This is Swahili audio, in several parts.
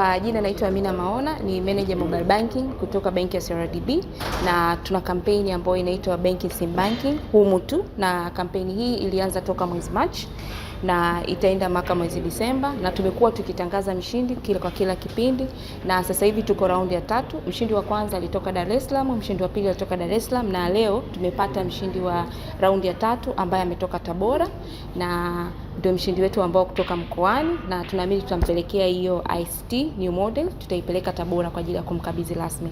Kwa jina naitwa Amina Maona, ni manager mobile banking kutoka benki ya CRDB na tuna kampeni ambayo inaitwa Banking Sim Banking humu tu, na kampeni hii ilianza toka mwezi Machi na itaenda Maka mwezi Disemba, na tumekuwa tukitangaza mshindi kila kwa kila kipindi, na sasa hivi tuko raundi ya tatu. Mshindi wa kwanza alitoka Dar es Salaam, mshindi wa pili alitoka Dar es Salaam, na leo tumepata mshindi wa raundi ya tatu ambaye ametoka Tabora na ndio mshindi wetu ambao kutoka mkoani, na tunaamini tutampelekea hiyo ICT new model, tutaipeleka Tabora kwa ajili ya kumkabidhi rasmi.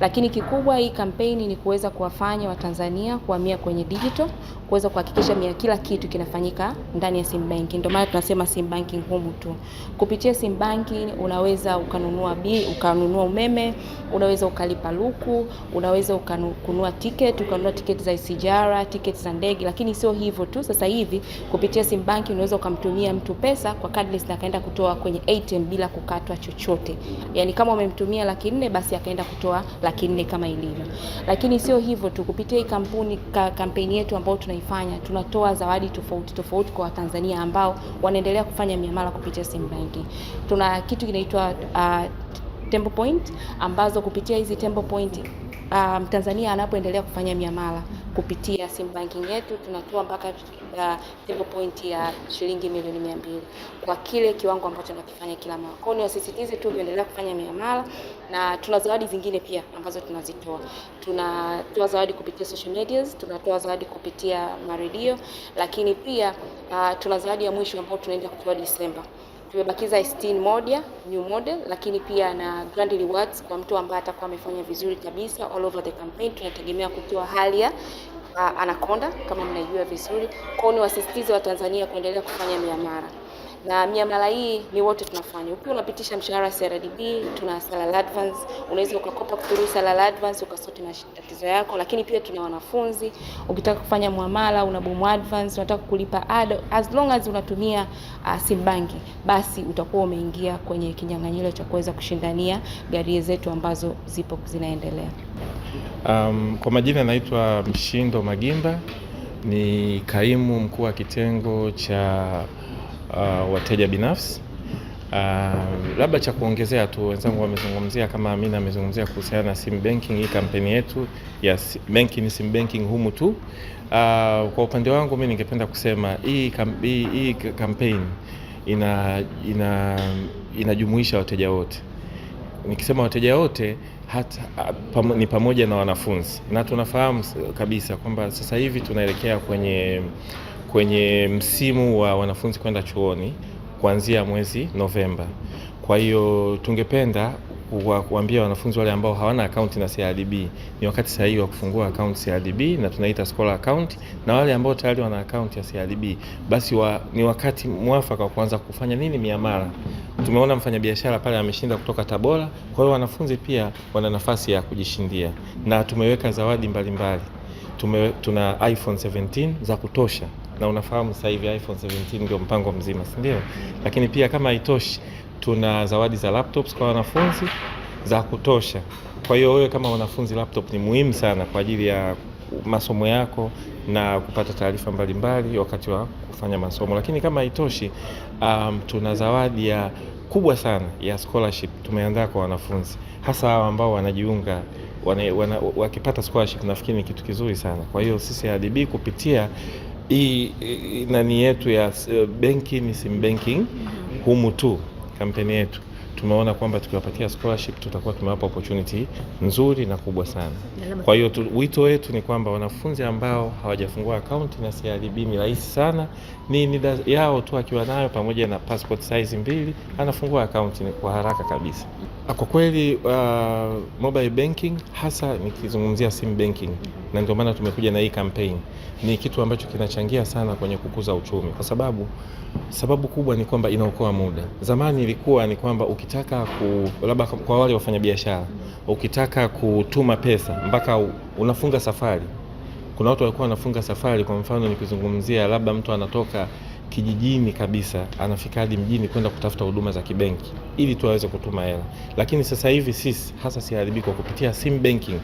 Lakini kikubwa hii kampeni ni kuweza kuwafanya Watanzania kuhamia kwenye digital, kuweza kuhakikisha kila kitu kinafanyika ndani ya simu banking. Ndio maana tunasema sim banking humu tu. Kupitia sim banking unaweza ukanunua bi, ukanunua umeme, unaweza ukalipa luku, unaweza ukanunua tiketi, ukanunua tiketi za isijara, tiketi za ndege. Lakini sio hivyo tu, sasa hivi kupitia sim banking unaweza ukamtumia mtu pesa kwa cardless na akaenda kutoa kwenye ATM bila kukatwa chochote. Yaani kama umemtumia laki nne basi akaenda kutoa laki nne kama ilivyo. Lakini sio hivyo tu, kupitia hii kampuni ka, kampeni yetu ambayo tunaifanya tunatoa zawadi tofauti tofauti kwa Watanzania Tanzania ambao wanaendelea kufanya miamala kupitia sim banking. Tuna kitu kinaitwa uh, Tembo Point ambazo kupitia hizi Tembo Point uh, um, Mtanzania anapoendelea kufanya miamala kupitia sim banking yetu tunatoa mpaka uh, Tembo Point ya shilingi milioni mia mbili kwa kile kiwango ambacho tunakifanya kila mwaka. Kwa hiyo niwasisitize tu kuendelea kufanya miamala, na tuna zawadi zingine pia ambazo tunazitoa. Tunatoa zawadi kupitia social medias, tunatoa zawadi kupitia maredio, lakini pia Uh, tuna zawadi ya mwisho ambayo tunaenda kutoa Disemba. Tumebakiza sitini moja new model, lakini pia na grand rewards kwa mtu ambaye atakuwa amefanya vizuri kabisa all over the campaign. Tunategemea kutoa hali ya uh, anaconda kama mnaijua vizuri kwao. Ni wasisitize wa Tanzania kuendelea kufanya miamara na miamala hii ni wote tunafanya. Ukiwa unapitisha mshahara CRDB, tuna salary advance, unaweza ukakopa kuthuru salary advance ukasote tatizo yako, lakini pia tuna wanafunzi, ukitaka kufanya muamala bomu advance, unataka kulipa ada, as long as unatumia uh, simbangi, basi utakuwa umeingia kwenye kinyang'anyiro cha kuweza kushindania gari zetu ambazo zipo zinaendelea. Um, kwa majina naitwa Mshindo Magimba ni kaimu mkuu wa kitengo cha uh, wateja binafsi. Uh, labda cha kuongezea tu, wenzangu wamezungumzia, kama Amina amezungumzia kuhusiana na sim banking, hii kampeni yetu ya yes, banking sim banking humu tu. Uh, kwa upande wangu mimi ningependa kusema hii hii kampeni ina, ina, inajumuisha wateja wote. Nikisema wateja wote hata pam, ni pamoja na wanafunzi, na tunafahamu kabisa kwamba sasa hivi tunaelekea kwenye kwenye msimu wa wanafunzi kwenda chuoni kuanzia mwezi Novemba. Kwa hiyo tungependa kuwaambia wanafunzi wale ambao hawana akaunti na CRDB ni wakati sahihi wa kufungua akaunti CRDB na tunaita scholar account, na wale ambao tayari wana akaunti ya CRDB basi wa, ni wakati mwafaka wa kuanza kufanya nini miamala. Tumeona mfanyabiashara pale ameshinda kutoka Tabora, kwa hiyo wanafunzi pia wana nafasi ya kujishindia, na tumeweka zawadi mbalimbali mbali. Tume, tuna iPhone 17 za kutosha na unafahamu sasa hivi iPhone 17 ndio mpango mzima, si ndio? Lakini pia kama haitoshi, tuna zawadi za laptops kwa wanafunzi za kutosha. Kwa hiyo wewe kama wanafunzi, laptop ni muhimu sana kwa ajili ya masomo yako na kupata taarifa mbalimbali wakati wa kufanya masomo. Lakini kama haitoshi, um, tuna zawadi ya kubwa sana ya scholarship tumeandaa kwa wanafunzi hasa hao ambao wanajiunga wana, wana, wakipata scholarship nafikiri ni kitu kizuri sana. Kwa hiyo sisi ADB kupitia hii nani yetu ya eh, benki ni sim banking humu tu kampeni yetu tumeona kwamba tukiwapatia scholarship tutakuwa tumewapa opportunity nzuri na kubwa sana. Kwa hiyo wito wetu ni kwamba wanafunzi ambao hawajafungua akaunti na CRDB ni rahisi sana, ni NIDA yao tu akiwa nayo pamoja na passport size mbili anafungua akaunti kwa haraka kabisa. Ah, kwa kweli uh, mobile banking hasa nikizungumzia sim banking, na ndio maana tumekuja na hii campaign, ni kitu ambacho kinachangia sana kwenye kukuza uchumi, kwa sababu sababu kubwa ni kwamba inaokoa muda. Zamani ilikuwa ni kwamba ukitaka ku, labda kwa wale wafanyabiashara, ukitaka kutuma pesa mpaka unafunga safari. Kuna watu walikuwa wanafunga safari, kwa mfano nikizungumzia labda mtu anatoka kijijini kabisa anafika hadi mjini kwenda kutafuta huduma za kibenki ili tu aweze kutuma hela. Lakini sasa hivi sisi hasa CRDB kwa kupitia sim banking,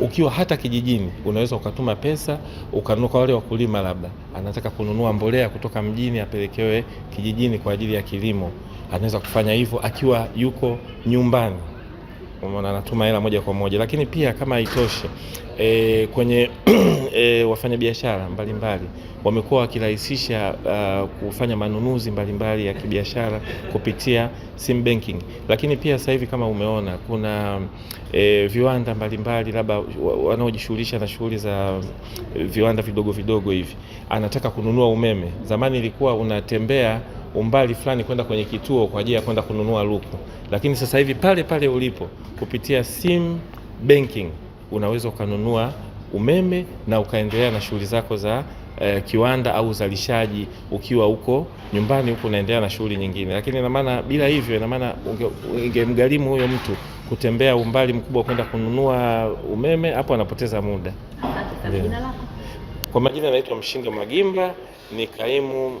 ukiwa hata kijijini unaweza ukatuma pesa ukanunua. Kwa wale wakulima labda anataka kununua mbolea kutoka mjini apelekewe kijijini kwa ajili ya kilimo, anaweza kufanya hivyo akiwa yuko nyumbani kwa anatuma hela moja kwa moja, lakini pia kama haitoshi e, kwenye e, wafanyabiashara mbalimbali wamekuwa wakirahisisha uh, kufanya manunuzi mbalimbali mbali ya kibiashara kupitia sim banking, lakini pia sasa hivi kama umeona kuna e, viwanda mbalimbali labda wanaojishughulisha na shughuli za viwanda vidogo vidogo hivi, anataka kununua umeme. Zamani ilikuwa unatembea umbali fulani kwenda kwenye kituo kwa ajili ya kwenda kununua luku, lakini sasa hivi pale pale ulipo kupitia sim banking unaweza ukanunua umeme na ukaendelea na shughuli zako za eh, kiwanda au uzalishaji ukiwa huko nyumbani huko unaendelea na shughuli nyingine. Lakini ina maana bila hivyo, ina maana ingemgharimu huyo mtu kutembea umbali mkubwa kwenda kununua umeme, hapo anapoteza muda. Kwa majina anaitwa Mshinga Magimba, ni kaimu